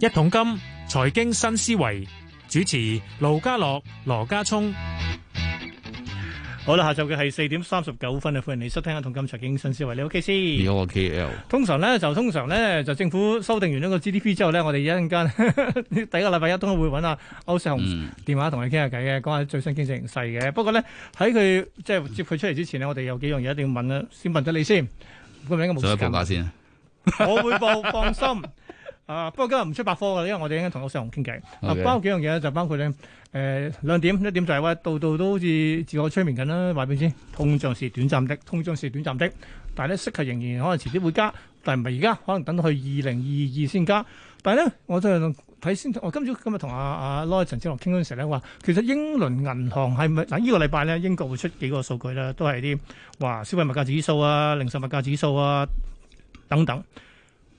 一桶金財經新思維，主持盧家樂羅家聰，好啦，下晝嘅係四點三十九分啊，歡迎你收聽一桶金財經新思維，你 OK 先，我喺 K L。通常咧就通常咧就政府修訂完呢個 G D P 之後咧，我哋一陣間第一個禮拜一都會揾阿歐世雄電話同你傾下偈嘅，講下最新經濟形勢嘅。不過咧喺佢即係接佢出嚟之前咧，我哋有幾樣嘢一定要問啦，先問咗你先，個名嘅木槿。再補下先。 我會報放心，啊！不過今日唔出百科喇，因為我哋已經同老細同傾偈。啊，包括幾樣嘢咧，就包括咧，誒，兩點，一點就係話，度度都好似自我催眠緊啦。話俾你知，通脹是短暫的，通脹是短暫的，但係咧息係仍然可能遲啲會加，但係唔係而家，可能等到去二零二二先加。但係咧，我即係睇先，我今朝今日同阿阿阿陳志龍傾嗰陣時咧，話其實英倫銀行係咪嗱？呢個禮拜咧，英國會出幾個數據咧，都係啲話消費物價指數啊，零售物價指數啊。等等，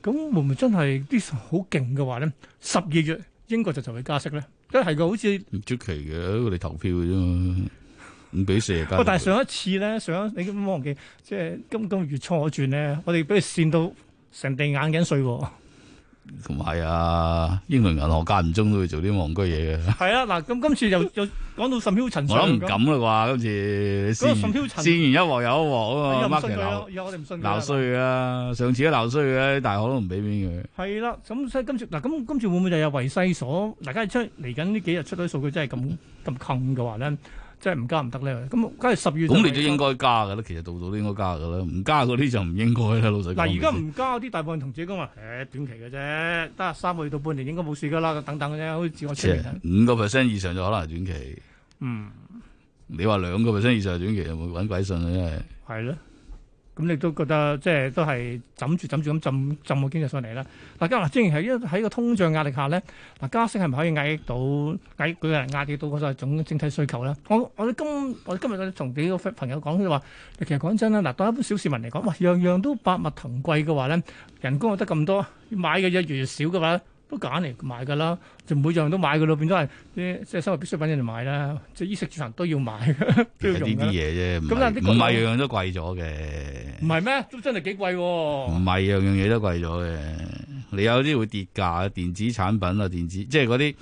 咁會唔會真係啲好勁嘅話咧？十二月英國就就會加息咧？即係個好似唔出奇嘅，我哋投票嘅啫，唔俾成日加。不過但係上一次咧，上一次你唔好忘記，即係今今月初我轉咧，我哋俾佢扇到成地眼鏡碎喎。同埋啊，英倫銀行間唔中都會做啲戇居嘢嘅。係啊，嗱咁今次又又講 到甚囂塵，我諗唔敢啦啩，今次。嗰個甚囂塵，線完，線完一鑊又一鑊啊嘛。又唔信佢，又我哋唔信佢。鬧衰嘅，上次都鬧衰嘅，大行都唔俾面佢。係啦、啊，咁所以今次嗱，咁今次會唔會就有維世所？大家出嚟緊呢幾日出咗啲數據真，真係咁咁坑嘅話咧。即係唔加唔得咧，咁梗係十月應該應該。咁你都應該加嘅啦，其實度度都應該加嘅啦，唔加嗰啲就唔應該啦，老實講。但嗱，而家唔加啲大部分同自己講話，誒、欸、短期嘅啫，得三個月到半年應該冇事嘅啦，等等嘅啫，好似我。其實五個 percent 以上就可能係短期。嗯。你話兩個 percent 以上係短期有冇揾鬼信啊？真係。係咯。咁你都覺得即係都係枕住枕住咁浸浸個經濟上嚟啦。嗱，家聰，既然係喺個通脹壓力下咧，嗱加息係咪可以壓抑到壓佢壓跌到嗰種整體需求咧？我我哋今我今日同幾個朋友講，佢話其實講真啦，嗱對一般小市民嚟講，哇樣樣都百物騰貴嘅話咧，人工又得咁多，買嘅嘢越越越少嘅話。都揀嚟買噶啦，就每樣都買噶咯，變咗係啲即係生活必需品嚟買啦，即係衣食住行都要買嘅，都要用嘅。咁啊，啲唔係樣樣都貴咗嘅。唔係咩？都真係幾貴喎。唔係樣樣嘢都貴咗嘅，你有啲會跌價，電子產品啊，電子即係嗰啲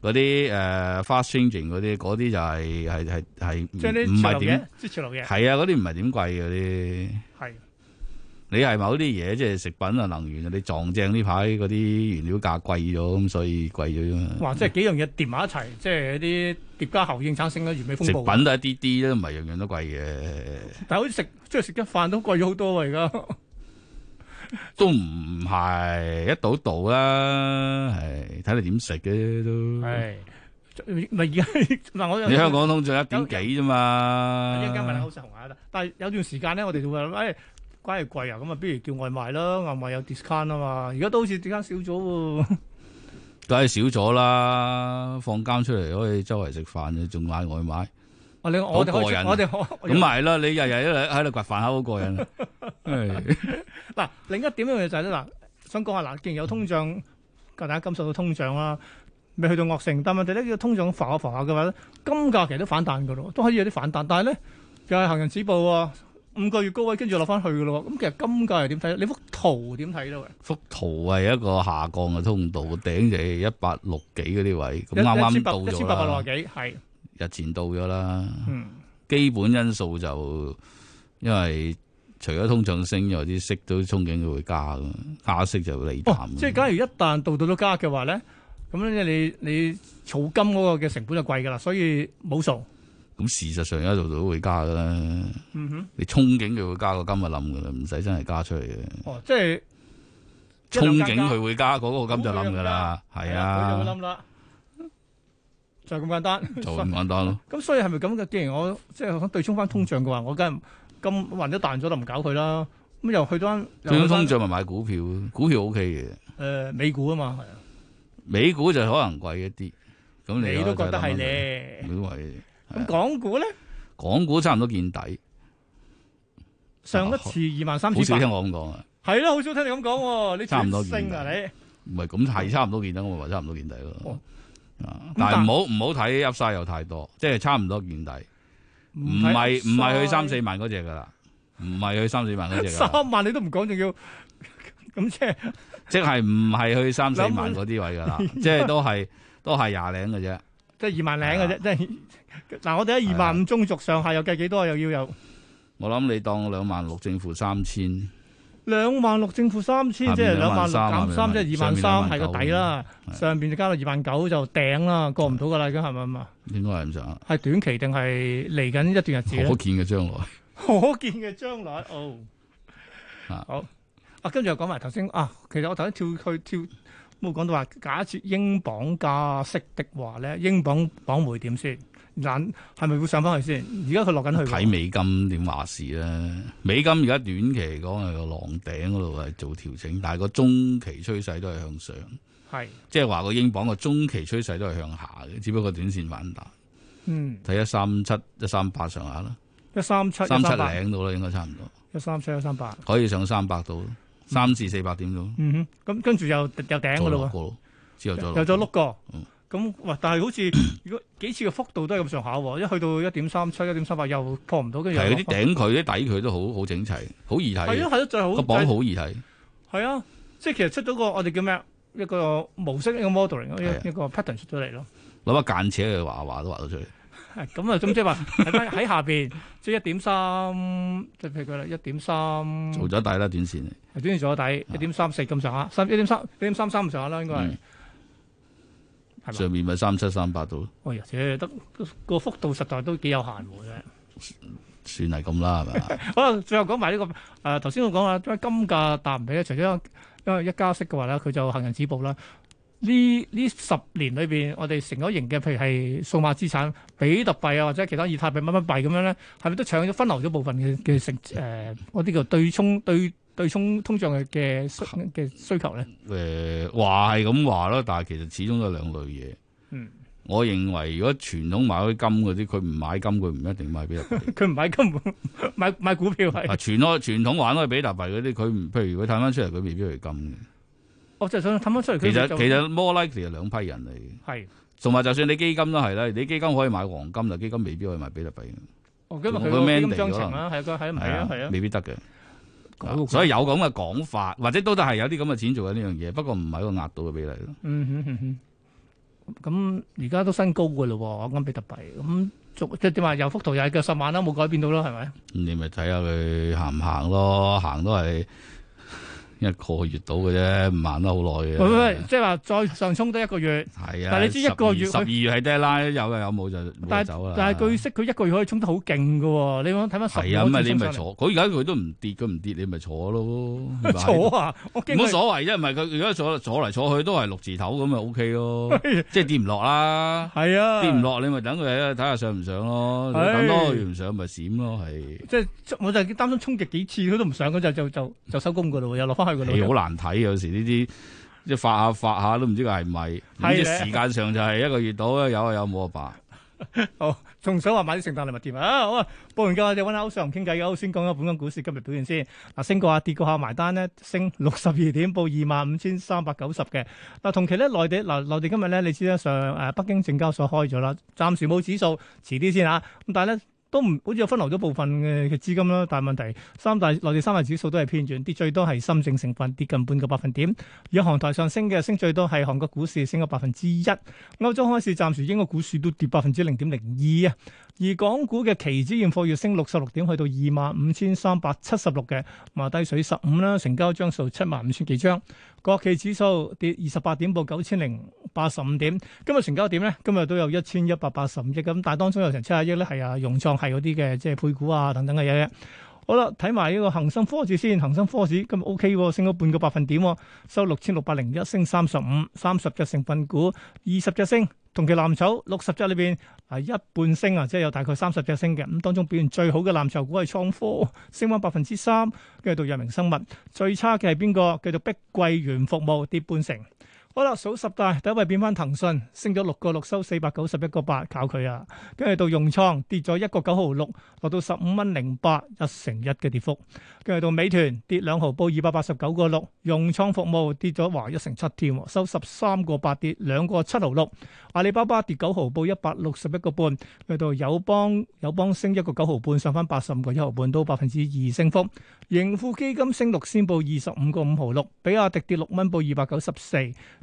嗰啲誒 fast changing 嗰啲，嗰啲就係係係係唔係點？即潮流嘢？係啊，嗰啲唔係點貴嗰啲。係。你係某啲嘢，即係食品啊、能源啊，你撞正呢排嗰啲原料價貴咗，咁所以貴咗啫嘛哇，即係幾樣嘢疊埋一齊，即係啲疊加效應產生咗完美風暴，食品都係一啲啲都唔係樣樣都貴嘅，啊。但係好似食即係食一飯都貴咗好多，而家都唔係一到度啦，係睇你點食嘅都係。唔而家嗱，我你香港通脹一點幾啫嘛？一陣間問好歐石但係有段時間咧，我哋會誒。反而貴啊，咁啊，不如叫外賣咯，外賣有 discount 啊嘛。而家都好似 discount 少咗喎、啊，梗係少咗啦。放監出嚟可以周圍食飯仲買外賣。我哋好過我哋可咁咪係咯，你日日喺度掘飯盒好過癮啊！嗱， 另一點一樣嘢就係咧，嗱，想講下嗱，既然有通脹， 大家感受到通脹啦，未去到惡性，但問題呢要通脹防下防下嘅話咧，金價其實都反彈嘅咯，都可以有啲反彈，但係咧，又、就、係、是、行人止步喎、啊。五個月高位跟住落翻去噶咯喎，咁其實金價又點睇咧？你幅圖點睇咧？幅圖係一個下降嘅通道，頂就係一百六幾嗰啲位，咁啱啱到咗。一千八百六十幾，係日前到咗啦。嗯，基本因素就因為除咗通脹升，有啲息都憧憬佢會加嘅，加息就會利淡。哦，即係假如一旦到到咗加嘅話咧，咁咧你你儲金嗰個嘅成本就貴噶啦，所以冇數。咁事實上，一路都都會加噶啦。哼,你憧憬佢會加個金咪冧噶啦，唔使真係加出嚟嘅。哦，即係憧憬佢會加嗰個金就冧噶啦，係啊，就咁簡單，就咁簡單咯。咁所以係咪咁嘅？既然我即係想對沖翻通脹嘅話，我梗係咁運咗彈咗就唔搞佢啦。咁又去到對通脹咪買股票，股票 O K 嘅，誒、呃，美股啊嘛，係啊，美股就可能貴一啲。咁你都覺得係咧？都係。那個咁港股咧，港股差唔多見底。上一次二萬三，好少聽我咁講啊。係咯，好少聽你咁講。差唔多見啊，你唔係咁係差唔多見底。我話差唔多見底，但係唔好唔好睇 upside 又太多，即係差唔多見底。唔係唔係去三四萬嗰隻噶啦，唔係去三四萬嗰隻。三萬你都唔講，仲要咁即係？即係唔係去三四萬嗰啲位噶啦，即係都係都係廿零嘅啫。即係二萬零嘅啫，即係嗱，我哋喺二萬五中續上下又計幾多，又要有。我諗你當兩萬六正負三千。兩萬六正負三千，即係兩萬六減三，即係二萬三係個底啦。上邊就加到二萬九就頂啦，過唔到噶啦，已經係咪啊嘛？應該係咁上。係短期定係嚟緊一段日子？可見嘅將來。可見嘅將來，哦。好啊，跟住又講埋頭先啊。其實我頭先跳去跳。冇講到話，假設英鎊加息的話咧，英鎊磅會點先？嗱，係咪會上翻去先？而家佢落緊去。睇美金點話事呢？美金而家短期嚟講係個浪頂嗰度係做調整，但係個中期趨勢都係向上。係，即係話個英鎊個中期趨勢都係向下嘅，只不過短線反彈。嗯，睇一三七、一三八上下啦，一三七、三七零到啦，應該差唔多。一三七、一三八可以上三百度。三至四,四百點咯，咁，嗯、跟住又又頂噶咯喎，之後再咗碌過，咁，哇、嗯！但係好似如果幾次嘅幅度都係咁上下，嗯、一去到一點三七、一點三八又破唔到，跟住係嗰啲頂佢、啲底佢都好好整齊，好易睇，係咯，係咯，最好個榜好易睇，係啊，即係其實出到個我哋叫咩？一個模式 eling，一個 modeling，一一個 pattern 出咗嚟咯，攞把間尺去畫畫都畫到出嚟。咁啊，咁即係話喺下邊，即係一點三，即係譬如啦，一點三，做咗底啦，短線嚟。係短線做咗底，一點三四咁上下，三一點三、一點三三咁上下啦，應該係。上面咪三七三八度咯。哎呀，啫得個幅度實在都幾有限喎，真係。算係咁啦，係咪啊？好啦，最後講埋呢個誒，頭先我講啊，因為金價達唔起咧，除咗因為一加息嘅話咧，佢就行人止步啦。呢呢十年裏邊，我哋成咗型嘅，譬如係數碼資產、比特幣啊，或者其他以太幣、乜乜幣咁樣咧，係咪都搶咗、分流咗部分嘅嘅成誒，嗰啲叫對沖對對沖通脹嘅嘅嘅需求咧？誒話係咁話啦，但係其實始終都係兩類嘢。嗯，我認為如果傳統買開金嗰啲，佢唔買金，佢唔一定買比特幣。佢唔 買金，買買股票係。啊，傳統傳統玩開比特幣嗰啲，佢唔，譬如佢攤翻出嚟，佢未必係金嘅。我就係想氹翻出嚟。其實其實 more likely 係兩批人嚟。係。同埋就算你基金都係啦。你基金可以買黃金啦，基金未必可以買比特幣。哦，因為佢嘅基金章程啦，係佢睇唔明啊，係啊，未必得嘅。所以有咁嘅講法，或者都係有啲咁嘅錢做緊呢樣嘢，不過唔係嗰個額度嘅比例咯。咁而家都新高嘅咯喎，我講比特幣。咁即係點話？又幅圖又係嘅十萬啦，冇改變到咯，係咪？你咪睇下佢行唔行咯，行都係。一個月到嘅啫，唔行得好耐嘅。即係話再上沖得一個月。係啊。但係你知一個月十二月係低拉，有有冇就冇走啦。但係據悉佢一個月可以沖得好勁嘅，你諗睇翻。係啊，咪你咪坐。佢而家佢都唔跌，佢唔跌，你咪坐咯。坐啊！冇所謂，啫。唔係佢，如果坐坐嚟，坐去都係六字頭咁咪 OK 咯。即係跌唔落啦。係啊，跌唔落你咪等佢睇下上唔上咯。等多個月如果唔上咪閃咯，係。即係我就擔心沖擊幾次佢都唔上，咁就就就就收工噶咯，又落翻。好難睇，有時呢啲即係發下發下都唔知係咪。咁啲的時間上就係一個月到，有啊有啊，冇啊冇。爸， 好，仲想話買啲聖誕禮物添啊？好啊，報完價我哋揾阿歐。尚唔傾偈嘅，歐先講下本港股市今日表現先。嗱，升過下，跌過下，埋單呢，升六十二點，報二萬五千三百九十嘅。嗱，同期咧，內地嗱內地今日咧，你知得上誒北京證交所開咗啦，暫時冇指數，遲啲先吓、啊。咁但係咧。都唔好似有分流咗部分嘅嘅資金啦，但係問題三大內地三大指數都係偏轉，跌最多係深證成分跌近半個百分點，而韓台上升嘅升最多係韓國股市升咗百分之一，歐洲開市暫時英國股市都跌百分之零點零二啊。而港股嘅期指現貨月升六十六點，去到二萬五千三百七十六嘅，麻低水十五啦，成交張數七萬五千幾張。國企指數跌二十八點，報九千零八十五點。今日成交點咧，今日都有一千一百八十五億嘅，咁但係當中有成七啊億咧係啊融創係嗰啲嘅，即係配股啊等等嘅嘢嘅。好啦，睇埋呢個恒生科指先，恒生科指今日 O K 喎，升咗半個百分點，收六千六百零一，升三十五，三十隻成分股，二十隻升，同期藍籌六十隻裏邊。係一半升啊，即係有大概三十隻升嘅，咁當中表現最好嘅藍籌股係創科，升翻百分之三，跟住到藥明生物，最差嘅係邊個？叫做碧桂園服務，跌半成。好啦，數十大，第一位變翻騰訊，升咗六個六，收四百九十一個八，靠佢啊！跟住到融創跌咗一個九毫六，落到十五蚊零八，一成一嘅跌幅。跟住到美團跌兩毫，報二百八十九個六。融創服務跌咗話一成七添，收十三個八，跌兩個七毫六。阿里巴巴跌九毫，報一百六十一個半。去到友邦，友邦升一個九毫半，上翻八十五個一毫半，都百分之二升幅。盈富基金升六仙，報二十五個五毫六，比亞迪跌六蚊，報二百九十四。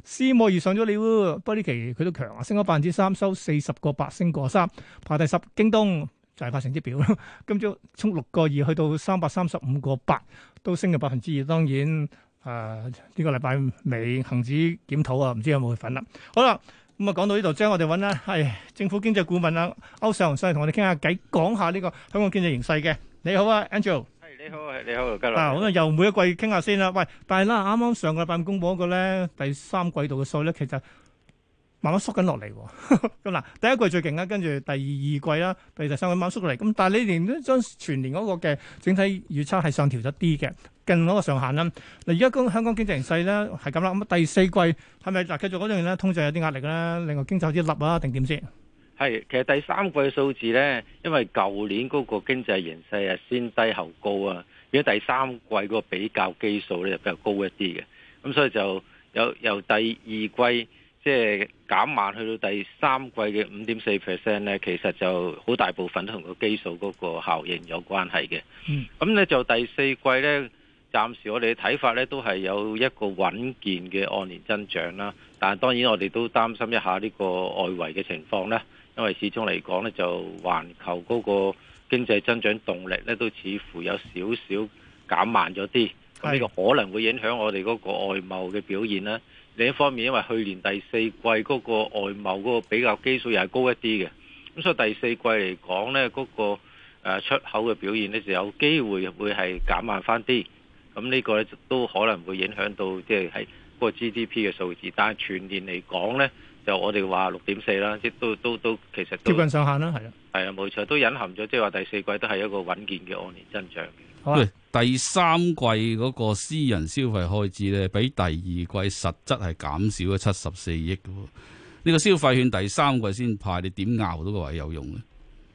斯莫爾上咗你喎，波尼奇佢都強啊，升咗百分之三，收四十個八，升過三，排第十。京東就係、是、發成績表咯，今朝衝六個二去到三百三十五個八，都升咗百分之二。當然，誒、呃、呢、這個禮拜尾恆指檢討啊，唔知有冇佢份啦。好啦，咁啊講到呢度，將我哋揾咧係政府經濟顧問啊歐錫熊，歐上嚟同我哋傾下偈，講下呢個香港經濟形勢嘅。你好啊 Angel。你好，你好，嘉樂。啊，咁啊，又每一季傾下先啦。喂，但係啦，啱啱上個禮拜公布嗰個咧，第三季度嘅數咧，其實慢慢縮緊落嚟。咁嗱，第一季最勁啦，跟住第二季啦，第二季，第二第三季慢慢縮落嚟。咁但係你連咧將全年嗰個嘅整體預測係上調咗啲嘅，近嗰個上限啦。嗱，而家講香港經濟形勢咧係咁啦。咁第四季係咪嗱？繼續嗰樣咧，通脹有啲壓力咧，令個經濟有啲凹啊，定點先？係，其實第三季嘅數字咧，因為舊年嗰個經濟形勢係先低後高啊，而第三季個比較基數咧就比較高一啲嘅，咁所以就有由第二季即係減慢去到第三季嘅五點四 percent 咧，其實就好大部分都同個基數嗰個效應有關係嘅。嗯，咁咧就第四季咧，暫時我哋嘅睇法咧都係有一個穩健嘅按年增長啦，但係當然我哋都擔心一下呢個外圍嘅情況咧。因為始終嚟講咧，就環球嗰個經濟增長動力咧，都似乎有少少減慢咗啲，咁呢個可能會影響我哋嗰個外貿嘅表現啦。另一方面，因為去年第四季嗰個外貿嗰個比較基數又係高一啲嘅，咁所以第四季嚟講咧，嗰、嗰個出口嘅表現咧就有機會會係減慢翻啲，咁呢個咧都可能會影響到即係係嗰個 GDP 嘅數字，但係全年嚟講咧。就我哋話六點四啦，即都都都其實都接近上限啦，係啊，係啊，冇錯，都隱含咗即係話第四季都係一個穩健嘅按年增長嘅。啊、第三季嗰個私人消費開支咧，比第二季實質係減少咗七十四億喎。呢、呢個消費券第三季先派，你點拗到話係有用嘅。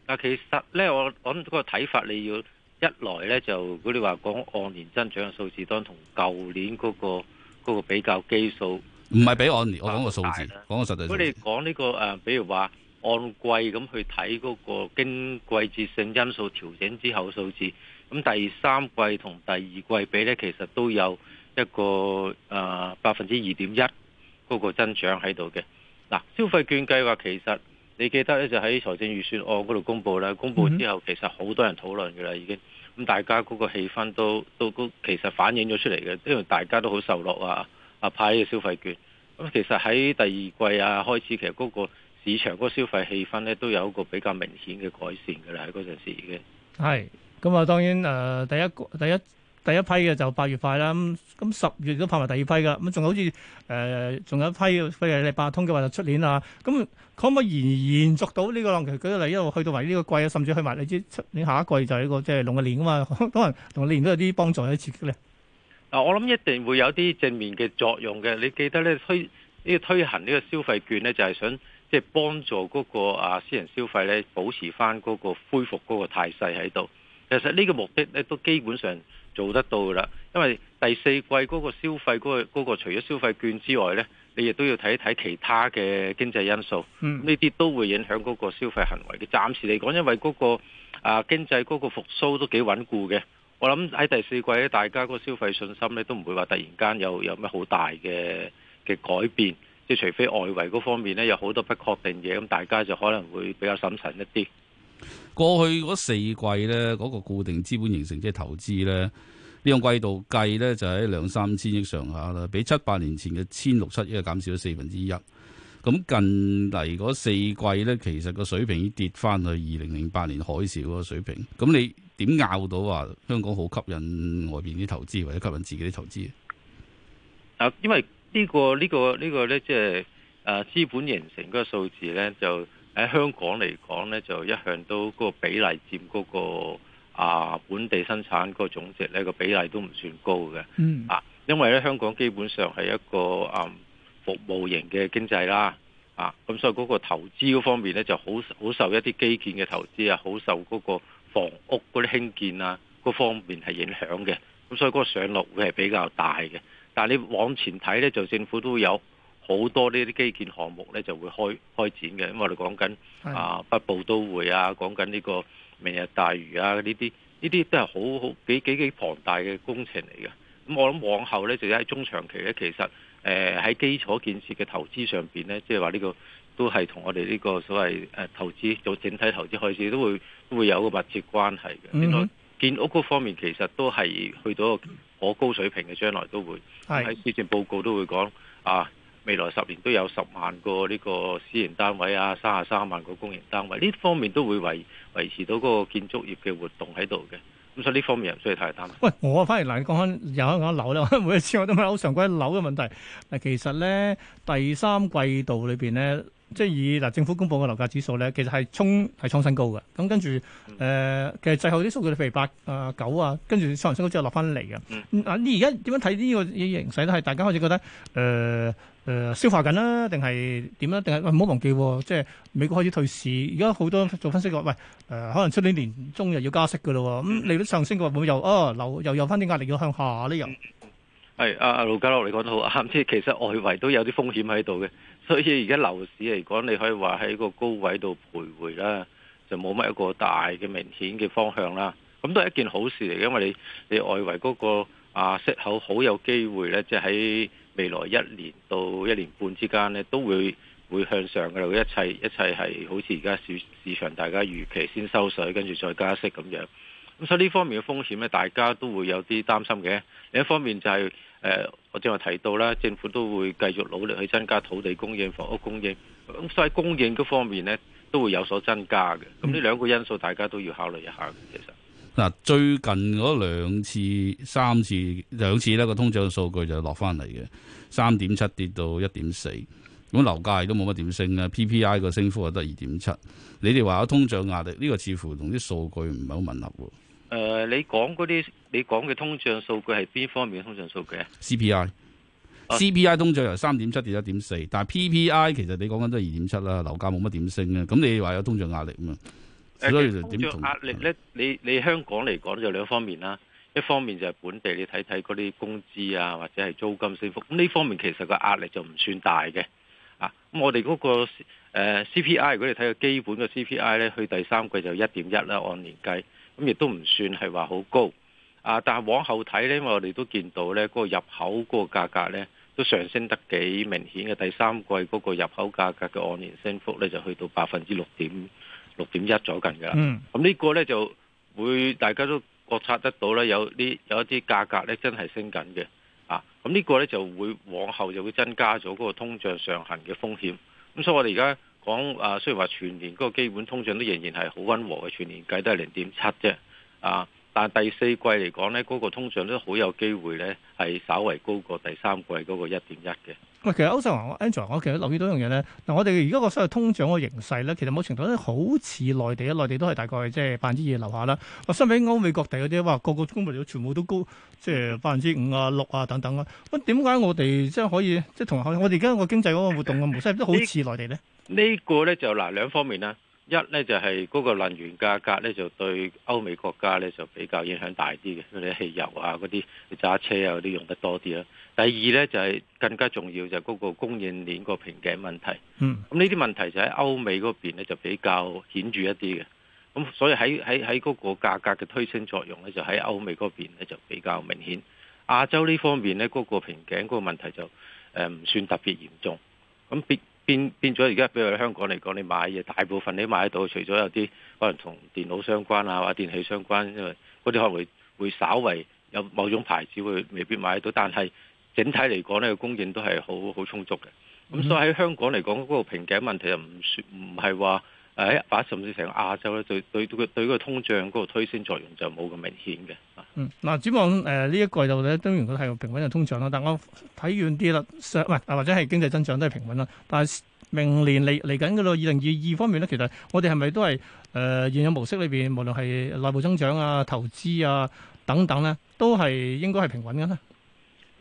但其實咧，我我諗個睇法你要一來咧，就如果你話講按年增長嘅數字，當同舊年嗰、嗰個嗰、嗰個比較基數。唔係俾按年，我講個數字，講個實際。如果你講呢、這個、呃、比如話按季咁去睇嗰個經季節性因素調整之後數字，咁第三季同第二季比咧，其實都有一個誒百分之二點一嗰個增長喺度嘅。嗱，消費券計劃其實你記得咧，就喺財政預算案嗰度公布啦。公布之後，其實好多人討論㗎喇，嗯、已經咁大家嗰個氣氛都都，都其實反映咗出嚟嘅，因為大家都好受落啊。啊派嘅消費券，咁其實喺第二季啊開始，其實嗰個市場嗰個消費氣氛咧，都有一個比較明顯嘅改善㗎啦，喺嗰陣時已經係咁。咁、嗯、啊當然誒、呃、第一第一第一批嘅就八月快啦，咁咁十月都拍埋第二批噶，咁仲好似誒仲有一批譬如你八達通嘅話就出年啊，咁、嗯、可唔可以延延續到呢個浪？其實舉個例，一路去到埋呢個季啊，甚至去埋你知出年下一個季就係、呢個就係、一個即係農曆年啊嘛，可能同年都有啲幫助有啲刺激咧。啊！我諗一定會有啲正面嘅作用嘅。你記得咧，推呢個推行呢個消費券咧，就係想即係幫助嗰個啊私人消費咧，保持翻嗰個恢復嗰個態勢喺度。其實呢個目的咧都基本上做得到噶啦，因為第四季嗰個消費嗰個嗰個除咗消費券之外咧，你亦都要睇一睇其他嘅經濟因素。呢啲都會影響嗰個消費行為嘅。暫時嚟講，因為嗰個啊經濟嗰個復甦都幾穩固嘅。我諗喺第四季咧，大家個消費信心咧都唔會話突然間有有咩好大嘅嘅改變，即係除非外圍嗰方面咧有好多不確定嘢，咁大家就可能會比較審慎一啲。過去嗰四季呢，嗰個固定資本形成即係投資呢，呢個季度計呢，就喺兩三千億上下啦，比七八年前嘅千六七億減少咗四分之一。咁近嚟嗰四季呢，其實個水平已跌翻去二零零八年海嘯嗰個水平。咁你？點拗到話香港好吸引外邊啲投資，或者吸引自己啲投資？啊，因為呢個呢個呢個呢，即係誒資本形成嗰個數字呢，就喺香港嚟講呢，就一向都嗰個比例占嗰個啊本地生產嗰個總值呢個比例都唔算高嘅。嗯、啊，因為呢，香港基本上係一個誒、啊、服務型嘅經濟啦。啊，咁、啊、所以嗰個投資嗰方面呢，就好好受一啲基建嘅投資啊，好受嗰個。房屋嗰啲興建啊，嗰方面係影響嘅，咁所以嗰個上落會係比較大嘅。但係你往前睇呢，就政府都有好多呢啲基建項目呢，就會開開展嘅。咁我哋講緊啊北部都會啊，講緊呢個明日大嶼啊，呢啲呢啲都係好好幾幾幾龐大嘅工程嚟嘅。咁我諗往後呢，就喺中長期呢，其實誒喺、呃、基礎建設嘅投資上邊呢，即係話呢個。都係同我哋呢個所謂誒、啊、投資做整體投資開始都會，都會會有個密切關係嘅。另外、mm hmm. 建屋嗰方面，其實都係去到可高水平嘅，將來都會喺施政報告都會講啊，未來十年都有十萬個呢個私營單位啊，三十三萬個公營單位，呢方面都會維維持到嗰個建築業嘅活動喺度嘅。咁所以呢方面又唔需要太擔心。喂，我反而嗱，你講下又講下樓啦。每一次我都問好常規樓嘅問題。嗱，其實咧，第三季度裏邊咧。即係以嗱政府公布嘅樓價指數咧，其實係衝係創新高嘅。咁、嗯、跟住、呃、其實最後啲數據譬如八誒九啊，跟住創新高之後落翻嚟嘅。你而家點樣睇呢個形勢？咧？係大家開始覺得誒消、呃呃、化緊啦、啊，定係點樣定係唔好忘記，即、就、係、是、美國開始退市，而家好多做分析講，喂、呃、可能出年年中又要加息嘅嘞。咁利率上升嘅話，會唔會又啊、哦、又,又有翻啲壓力要向下呢？又係啊，羅家聰，你講得好啱，即係其實外圍都有啲風險喺度嘅，所以而家樓市嚟講，你可以話喺個高位度徘徊啦，就冇乜一個大嘅明顯嘅方向啦。咁都係一件好事嚟嘅，因為你你外圍嗰個啊息口好有機會呢，即係喺未來一年到一年半之間呢，都會會向上嘅。一切一切係好似而家市市場大家預期先收水，跟住再加息咁樣。咁所以呢方面嘅風險呢，大家都會有啲擔心嘅。另一方面就係、是。誒、呃，我正話提到啦，政府都會繼續努力去增加土地供應、房屋供應，咁所以供應嗰方面咧都會有所增加嘅。咁呢兩個因素，大家都要考慮一下。其實嗱，最近嗰兩次、三次、兩次咧個通脹數據就落翻嚟嘅，三點七跌到一點四。咁樓價亦都冇乜點升啊，P P I 個升幅啊得二點七。你哋話有通脹壓力，呢、這個似乎同啲數據唔係好吻合喎。誒、呃，你講嗰啲，你講嘅通脹數據係邊方面嘅通脹數據 CPI，啊？CPI，CPI 通脹由三點七跌一點四，但係 PPI 其實你講緊都係二點七啦，樓價冇乜點升嘅，咁、啊、你話有通脹壓力啊嘛？所以，通脹壓力咧，你吧你，你香港嚟講就兩方面啦，一方面就係本地，你睇睇嗰啲工資啊或者係租金升幅，咁呢方面其實個壓力就唔算大嘅啊。咁我哋嗰、嗰個誒、呃、CPI，如果你睇個基本嘅 CPI 咧，去第三季就一點一啦，按年計。咁亦都唔算係話好高啊！但係往後睇呢，我哋都見到呢個入口嗰個價格呢都上升得幾明顯嘅。第三季嗰個入口價格嘅按年升幅呢就去到百分之六點六點一左近噶啦。嗯、咁呢個呢就會大家都覺察得到呢，有啲有一啲價格呢真係升緊嘅啊！咁呢個呢就會往後就會增加咗嗰個通脹上行嘅風險。咁所以我哋而家。講誒、啊，雖然話全年嗰個基本通脹都仍然係好温和嘅，全年計都係零點七啫。啊，但係第四季嚟講呢嗰、嗰個通脹都好有機會呢係稍為高過第三季嗰個一點一嘅。喂，其實歐洲啊，Andrew，我其實留意到一樣嘢咧。嗱，我哋而家個所謂通脹個形勢咧，其實某程度咧好似內地啊，內地都係大概即係百分之二以下啦。話相比歐美各地嗰啲，話個個公佈率全部都高，即係百分之五啊、六啊等等啊。咁點解我哋即係可以即係同我哋而家個經濟嗰個活動嘅模式都好似內地咧？呢個咧就嗱兩方面啦。一咧就係嗰個能源價格咧，就對歐美國家咧就比較影響大啲嘅，嗰啲汽油啊、嗰啲揸車啊嗰啲用得多啲啊。第二咧就係更加重要就係嗰個供應鏈個瓶頸問題。嗯，咁呢啲問題就喺歐美嗰邊咧就比較顯著一啲嘅。咁所以喺喺喺嗰個價格嘅推升作用咧，就喺歐美嗰邊咧就比較明顯。亞洲呢方面咧，嗰個瓶頸個問題就誒唔算特別嚴重。咁別。變變咗，而家比如香港嚟講，你買嘢大部分你買得到，除咗有啲可能同電腦相關啊、或者電器相關，因為嗰啲可能會會稍微有某種牌子會未必買得到，但係整體嚟講咧，供應都係好好充足嘅。咁所以喺香港嚟講，嗰個瓶頸問題就唔算唔係話。係，把甚至成個亞洲咧，對對佢對個通脹嗰個推升作用就冇咁明顯嘅。嗯，嗱，展望誒呢一季度咧，這個，當然佢係平穩嘅通脹啦。但我睇遠啲啦，上或者係經濟增長都係平穩啦。但係明年嚟嚟緊嘅咯，二零二二方面咧，其實我哋係咪都係誒、呃、現有模式裏邊，無論係內部增長啊、投資啊等等咧，都係應該係平穩嘅呢？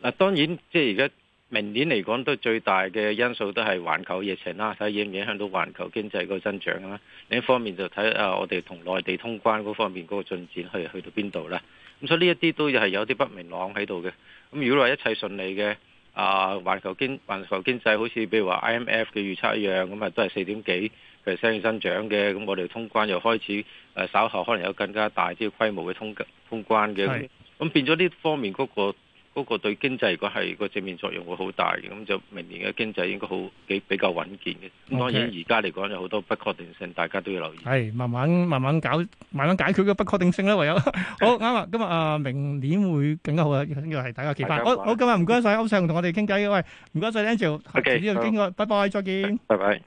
嗱，當然即係而家。明年嚟講都最大嘅因素都係環球疫情啦，睇下影唔影響到環球經濟個增長啦。另一方面就睇啊，我哋同內地通關嗰方面嗰個進展去去到邊度啦。咁所以呢一啲都係有啲不明朗喺度嘅。咁如果話一切順利嘅，啊環球經環球經濟好似譬如話 IMF 嘅預測一樣，咁啊都係四點幾嘅生意增長嘅。咁我哋通關又開始誒稍後可能有更加大啲規模嘅通通關嘅。咁是變咗呢方面嗰、嗰個。嗰個對經濟嗰係個正面作用會好大，咁就明年嘅經濟應該好幾比較穩健嘅。當然而家嚟講有好多不確定性，大家都要留意。係 Okay. 慢慢慢慢搞，慢慢解決嗰不確定性啦。唯有 好啱啊！今日啊、呃，明年會更加好啊！要係大家期盼。好，好，今日唔該晒，謝謝歐 Sir 同我哋傾偈嘅喂，唔該晒 Angie，下次再傾過，拜拜，再見，拜拜。